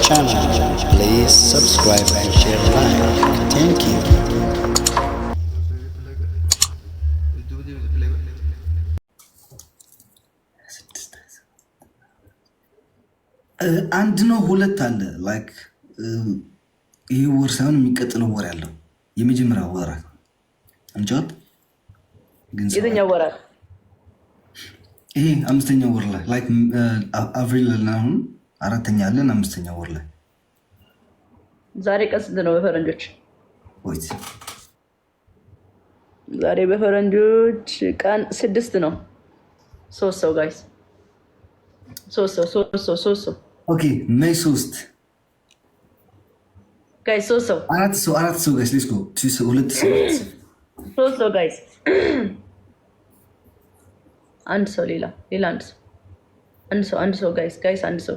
channel. Please subscribe and share like. Thank you. አንድ ነው ሁለት አለ። ላይክ ይህ ወር ሳይሆን የሚቀጥለው ወር ያለው የመጀመሪያ ወራት እንጫወት። የትኛው ወራት? ይሄ አምስተኛው ወር ላይ ላይክ አብሪል አሁን አራተኛ አለን አምስተኛ ወር ላይ ዛሬ ቀን ስንት ነው በፈረንጆች? ወይት ዛሬ በፈረንጆች ቀን ስድስት ነው። ሶስት ሰው ጋይስ፣ ሶስት ሰው ሶስት ሰው ሶስት ሰው ኦኬ። ሜይ ሶስት ጋይስ፣ ሶስት ሰው አራት ሰው አራት ሰው ጋይስ፣ ሌስኮ ሁለት ሰው ሶስት ሰው ጋይስ፣ አንድ ሰው ሌላ ሌላ አንድ ሰው አንድ ሰው አንድ ሰው ጋይስ ጋይስ አንድ ሰው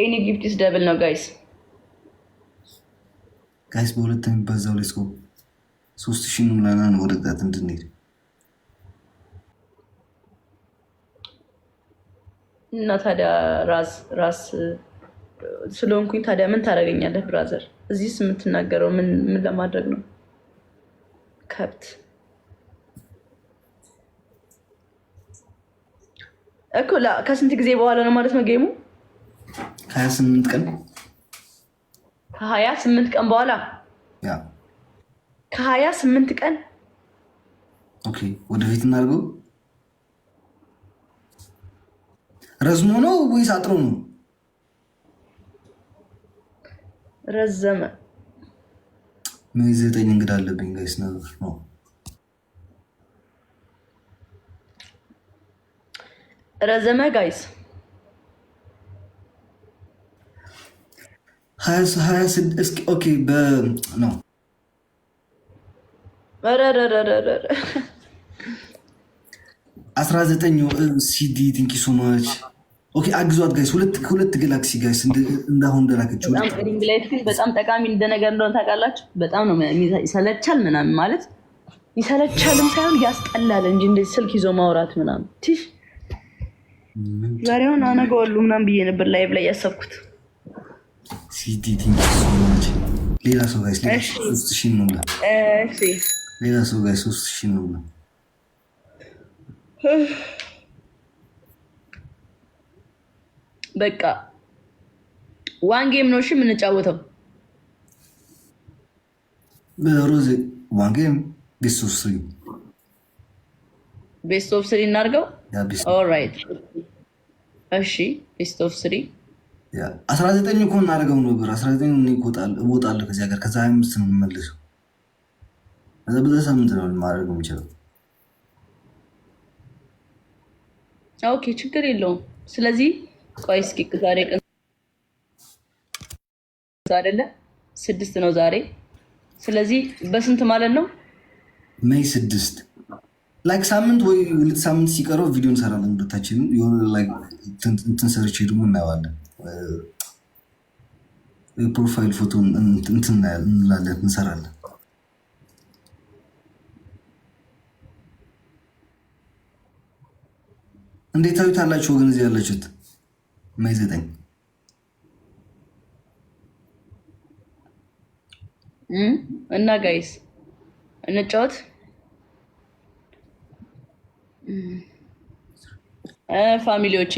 የኔ ጊፍትስ ደብል ነው ጋይስ። ጋይስ በሁለት የሚበዛው ላይ ሰው ሶስት ሺህ ኑላናን ወረዳት እንድንሄድ እና ታዲያ ራስ ራስ ስለሆንኩኝ ታዲያ ምን ታደርገኛለህ ብራዘር? እዚህስ የምትናገረው ምን ለማድረግ ነው? ከብት እኮ ከስንት ጊዜ በኋላ ነው ማለት ነው ጌሙ ከሀያ ስምንት ቀን ከሀያ ስምንት ቀን በኋላ ከሀያ ስምንት ቀን ኦኬ፣ ወደፊት እናድርገው። ረዝሞ ነው ወይስ አጥሮ ነው? ረዘመ። ምን ዘጠኝ እንግዳ አለብኝ ጋይስ ነገር ነው። ረዘመ ጋይስ አስራ ዘጠኝ ሲዲ ቲንኪ ሶማች አግዟት ጋይስ፣ ሁለት ጋይስ እንዳሁን እንደላከችው ሪንግ ላይት ግን በጣም ጠቃሚ እንደሆነ ታውቃላችሁ። በጣም ነው ይሰለቻል፣ ምናምን ማለት ይሰለቻልም ሳይሆን ያስጠላል እንጂ እንደዚህ ስልክ ይዞ ማውራት ምናምን። ዛሬውን አነገዋሉ ምናምን ብዬ ነበር ላይቭ ላይ ያሰብኩት። ሲቲ ቲንክ ሶ ማች። ሌላ ሰው ጋይስ ሌላ ሶስት ሺህ እንሙላ። እሺ ሌላ ሰው ጋይስ ሶስት ሺህ እንሙላ። በቃ ዋን ጌም ነው እሺ የምንጫወተው። ሮዚ ዋን ጌም ቤስት ኦፍ ስሪ ቤስት ኦፍ ስሪ እናድርገው። ኦልራይት እሺ ቤስት ኦፍ ስሪ አስራ ዘጠኝ እኮ እናደርገው ነበር። አስራ ዘጠኝ እወጣለሁ ከዚህ ሀገር። ከዛ ሀያ አምስት ነው የምመልሰው። ከዛ በዛ ሳምንት ነው ማድረግ የምችለው። ኦኬ ችግር የለውም። ስለዚህ ቆይ እስኪ ዛሬ ቀን አይደለ ስድስት ነው ዛሬ። ስለዚህ በስንት ማለት ነው ሜይ ስድስት ላይክ ሳምንት ወይ ሁለት ሳምንት ሲቀረው ቪዲዮ እንሰራለን። ሁለታችንም የሆነ እንትን ሰርቼ ደግሞ እናየዋለን። የፕሮፋይል ፎቶ እንትን እንላለን እንሰራለን። እንዴት አላችሁ ወገን? እዚህ ያላችሁት ማይ ዘጠኝ እና ጋይስ እንጫወት ፋሚሊዎቼ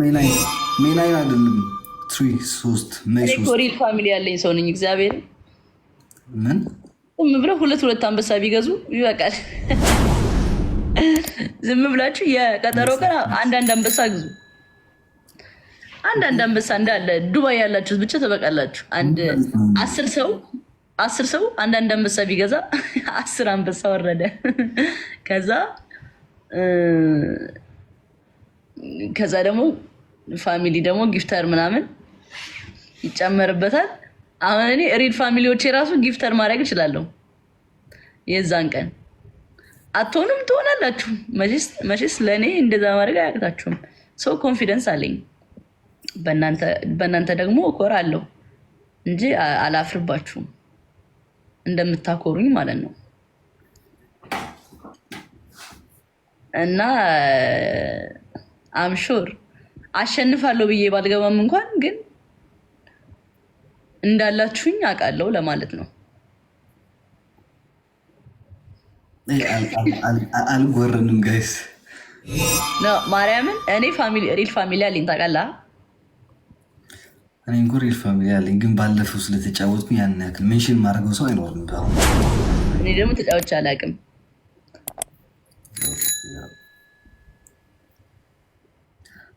ሜናይን አይደለም ትሪ ሶስት ፋሚሊ ያለኝ ሰው ነኝ። እግዚአብሔር ምን ዝም ብለው ሁለት ሁለት አንበሳ ቢገዙ ይበቃል። ዝም ብላችሁ የቀጠሮ ቀን አንዳንድ አንበሳ ግዙ። አንዳንድ አንበሳ እንዳለ ዱባይ ያላችሁት ብቻ ትበቃላችሁ። አንድ አስር ሰው አስር ሰው አንዳንድ አንበሳ ቢገዛ አስር አንበሳ ወረደ ከዛ ከዛ ደግሞ ፋሚሊ ደግሞ ጊፍተር ምናምን ይጨመርበታል። አሁን እኔ ሪል ፋሚሊዎች የራሱ ጊፍተር ማድረግ እችላለሁ። የዛን ቀን አትሆኑም ትሆናላችሁ። መቼስ ለእኔ እንደዛ ማድረግ አያቅታችሁም። ሰው ኮንፊደንስ አለኝ። በእናንተ ደግሞ አለው እንጂ አላፍርባችሁም። እንደምታኮሩኝ ማለት ነው እና አምሹር አሸንፋለሁ ብዬ ባልገባም እንኳን ግን እንዳላችሁኝ አውቃለሁ ለማለት ነው። አልጎርንም ጋይስ ማርያምን እኔ ሪል ፋሚሊ አለኝ ታውቃለህ። እኔ እንኳ ሪል ፋሚሊ አለኝ ግን ባለፈው ስለተጫወትኩ ያን ያክል ሜንሽን ማድረገው ሰው አይኖርም። እኔ ደግሞ ተጫወች አላውቅም።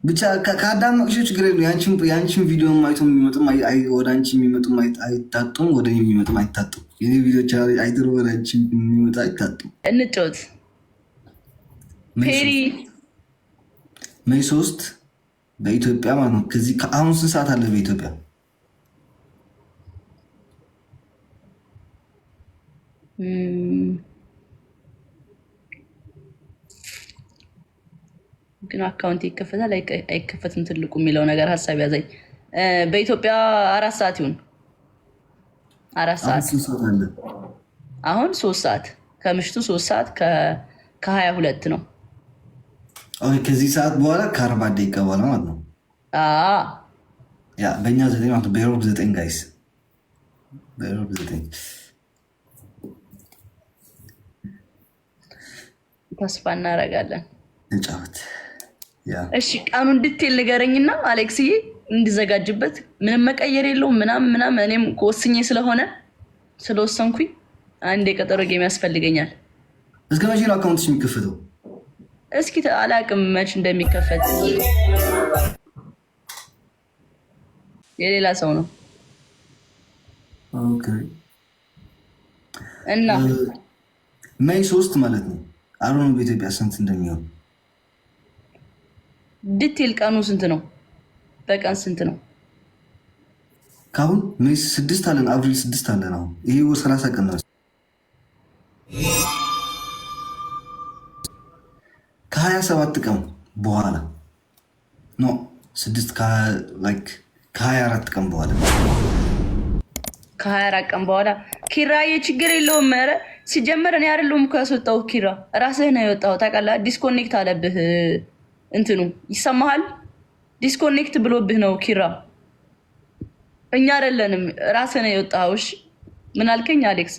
ብቻ ከአዳመቅሽው ችግር የለውም። የአንቺን ቪዲዮ አይቶ የሚመጡም ወደ አንቺ የሚመጡም አይታጡም፣ ወደ እኔ የሚመጡም አይታጡም። የኔ ቪዲዮች አይተሩ ወደ አንቺ የሚመጡ አይታጡም። እንጮት ፔሪ ሜይ ሶስት በኢትዮጵያ ማለት ነው። ከዚህ ከአሁን ስንት ሰዓት አለ በኢትዮጵያ? ግን አካውንት ይከፈታል አይከፈትም ትልቁ የሚለው ነገር ሀሳብ ያዘኝ። በኢትዮጵያ አራት ሰዓት ይሁን አራት ሰዓት አሁን ሶስት ሰዓት ከምሽቱ ሶስት ሰዓት ከሀያ ሁለት ነው። ከዚህ ሰዓት በኋላ ከአርባ ደቂቃ በኋላ ማለት ነው። በእኛ ዘጠኝ ማለት በሮብ ዘጠኝ ጋይስ በሮብ ዘጠኝ ተስፋ እናደርጋለን። እንጫወት እሺ ቀኑ እንድትል ንገረኝና አሌክስዬ እንዲዘጋጅበት ምንም መቀየር የለውም ምናምን ምናምን። እኔም ወስኜ ስለሆነ ስለወሰንኩኝ አንድ የቀጠሮ ጌም ያስፈልገኛል። እስከ መቼ ነው አካውንትሽ የሚከፈተው? እስኪ አላቅም መች እንደሚከፈት የሌላ ሰው ነው እና ሜይ ሶስት ማለት ነው። አሮኑ በኢትዮጵያ ስንት እንደሚሆን ድቴል ቀኑ ስንት ነው? በቀን ስንት ነው? ከአሁን ሜስ ስድስት አለን፣ አብሪል ስድስት አለን። አሁን ይሄ ወር ሰላሳ ቀን ነው። ከሀያ ሰባት ቀን በኋላ ኖ ስድስት ከሀያ አራት ቀን በኋላ ከሀያ አራት ቀን በኋላ ኪራዬ፣ ችግር የለውም። ኧረ ሲጀመር እኔ አይደለሁም እኮ ያስወጣሁት ኪራ፣ ራስህ ነው የወጣሁት። ታውቃለህ፣ ዲስኮኔክት አለብህ እንትኑ ይሰማሃል። ዲስኮኔክት ብሎብህ ነው ኪራ። እኛ አይደለንም ራስህ ነው የወጣኸው። እሺ ምን አልከኝ አሌክስ?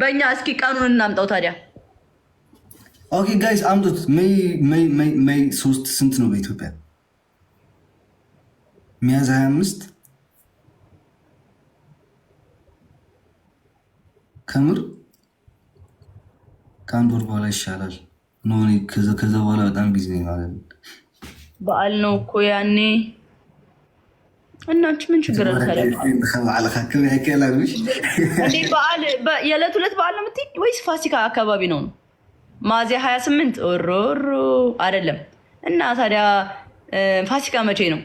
በእኛ እስኪ ቀኑን እናምጣው ታዲያ። ኦኬ ጋይስ አምጡት። ሜይ ሶስት ስንት ነው በኢትዮጵያ? ሚያዝ ሀያ አምስት ከምር ከአንድ ወር በኋላ ይሻላል። ከዛ በኋላ በጣም ጊዜ ነው ማለት ነው። በዓል ነው እኮ ያኔ። እናንቺ ምን ችግር የዕለት ሁለት በዓል ነው የምትይኝ ወይስ ፋሲካ አካባቢ ነው? ማዚያ ሀያ ስምንት ሮሮ አይደለም። እና ታዲያ ፋሲካ መቼ ነው?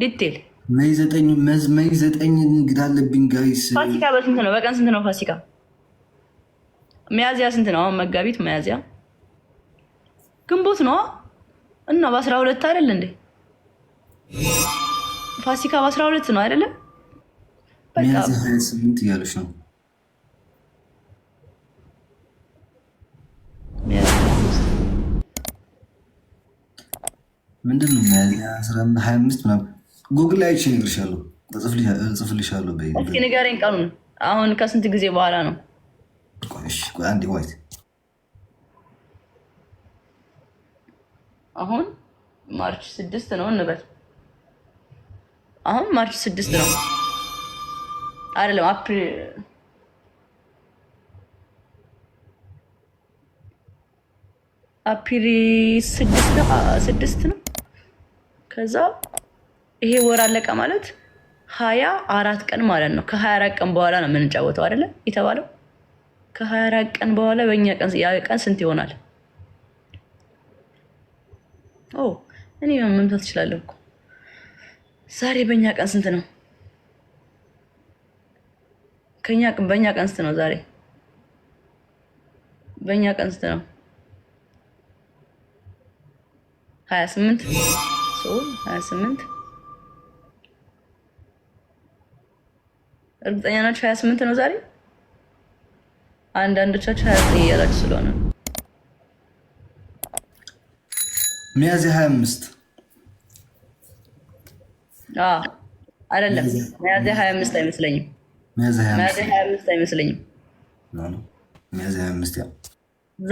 ዲቴል መይ ዘጠኝ መይ ዘጠኝ እንግዳ አለብኝ ጋይስ። ፋሲካ በስንት ነው? በቀን ስንት ነው ፋሲካ? ሚያዝያ ስንት ነው? አሁን መጋቢት ሚያዝያ ግንቦት ነው እና በአስራ ሁለት አይደል እንዴ? ፋሲካ በአስራ ሁለት ነው አይደለም? ስምንት እያለች ነው ምንድን ነው ሀያ አምስት ምናምን ጉግል ላይ አይቼ እነግርሻለሁ፣ እጽፍልሻለሁ። እስኪ ንገረኝ ቀኑን። አሁን ከስንት ጊዜ በኋላ ነው? አንዴ ዋይት አሁን ማርች ስድስት ነው እንበል። አሁን ማርች ስድስት ነው አይደለም፣ አፕሪል አፕሪል ስድስት ነው። ከዛ ይሄ ወር አለቀ ማለት ሀያ አራት ቀን ማለት ነው። ከሀያ አራት ቀን በኋላ ነው የምንጫወተው አይደለም የተባለው። ከሀያ አራት ቀን በኋላ በእኛ ቀን ስንት ይሆናል? ኦ እኔ መምታት እችላለሁ እኮ። ዛሬ በእኛ ቀን ስንት ነው? ከኛ በእኛ ቀን ስንት ነው? ዛሬ በእኛ ቀን ስንት ነው? ሀያ ስምንት ሀያ ስምንት እርግጠኛ ናቸው። ሀያ ስምንት ነው ዛሬ። አንዳንዶቻቸው ሀያ ዘጠኝ እያላችሁ ስለሆነ ሚያዝያ 25 አይደለም፣ ሚያዝያ 25 አይመስለኝም። ሚያዝያ 25 አይመስለኝም።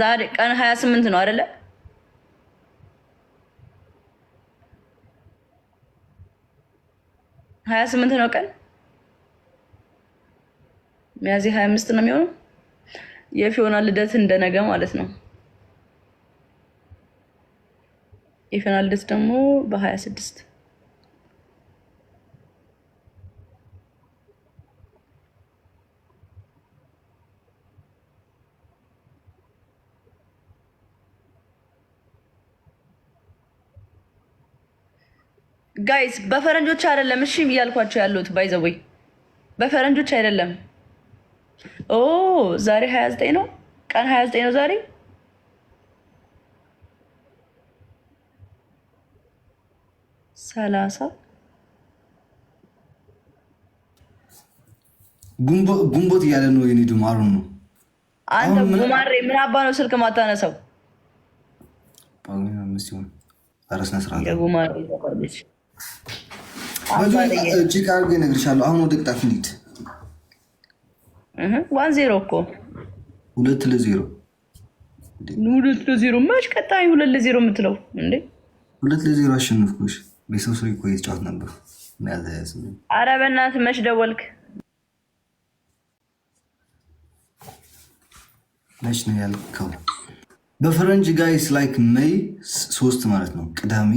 ዛሬ ቀን 28 ነው አይደለ? ሀያ ስምንት ነው ቀን ሚያዝያ ሀያ አምስት ነው የሚሆነው። የፊዮና ልደት እንደነገ ማለት ነው። ኢፌናል ደት ደግሞ በ26 ጋይስ በፈረንጆች አይደለም፣ እሺ እያልኳቸው ያሉት ባይዘወይ በፈረንጆች አይደለም። ኦ ዛሬ 29 ነው፣ ቀን 29 ነው ዛሬ ሰላሳ ጉንቦት እያለ ነው። የኔ ዱማሩ ነው። አንተ ጉማሬ ምን አባ ነው ስልክ ማታነሳው? እጅግ አድርጌ አሁን ወደ ቅጣት እንሂድ። ዋን ዜሮ እኮ ሁለት ለዜሮ ሁለት ለዜሮ መች ቀጣይ ሁለት ለዜሮ የምትለው እንዴ? ሁለት ለዜሮ አሸነፍኩሽ። ቤተሰብ እኮ የተጫወት ነበር። ኧረ በእናትህ መች ደወልክ? መች ነው ያልከው? በፈረንጅ ጋይስ ላይክ ሜይ ሶስት ማለት ነው ቅዳሜ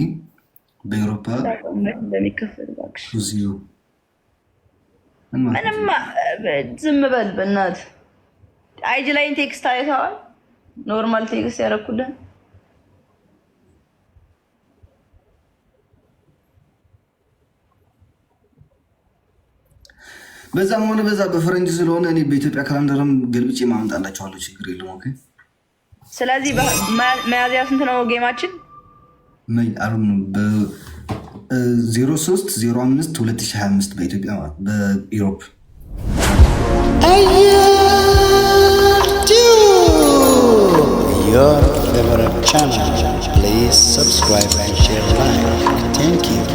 በኤሮፓ ምንም ዝም በል በእናትህ። አይጂ ላይን ቴክስት አይተዋል? ኖርማል ቴክስት ያደረኩልህ በዛም ሆነ በዛ በፈረንጅ ስለሆነ እኔ በኢትዮጵያ ካላንደርም ገልብጬ ማምጣላቸዋለሁ። ችግር የለም። ኦኬ። ስለዚህ መያዝያ ስንት ነው ጌማችን? ዜሮ ሶስት ዜሮ አምስት ሁለት በኢትዮጵያ ማለት በኢሮፕ Your favorite channel. Please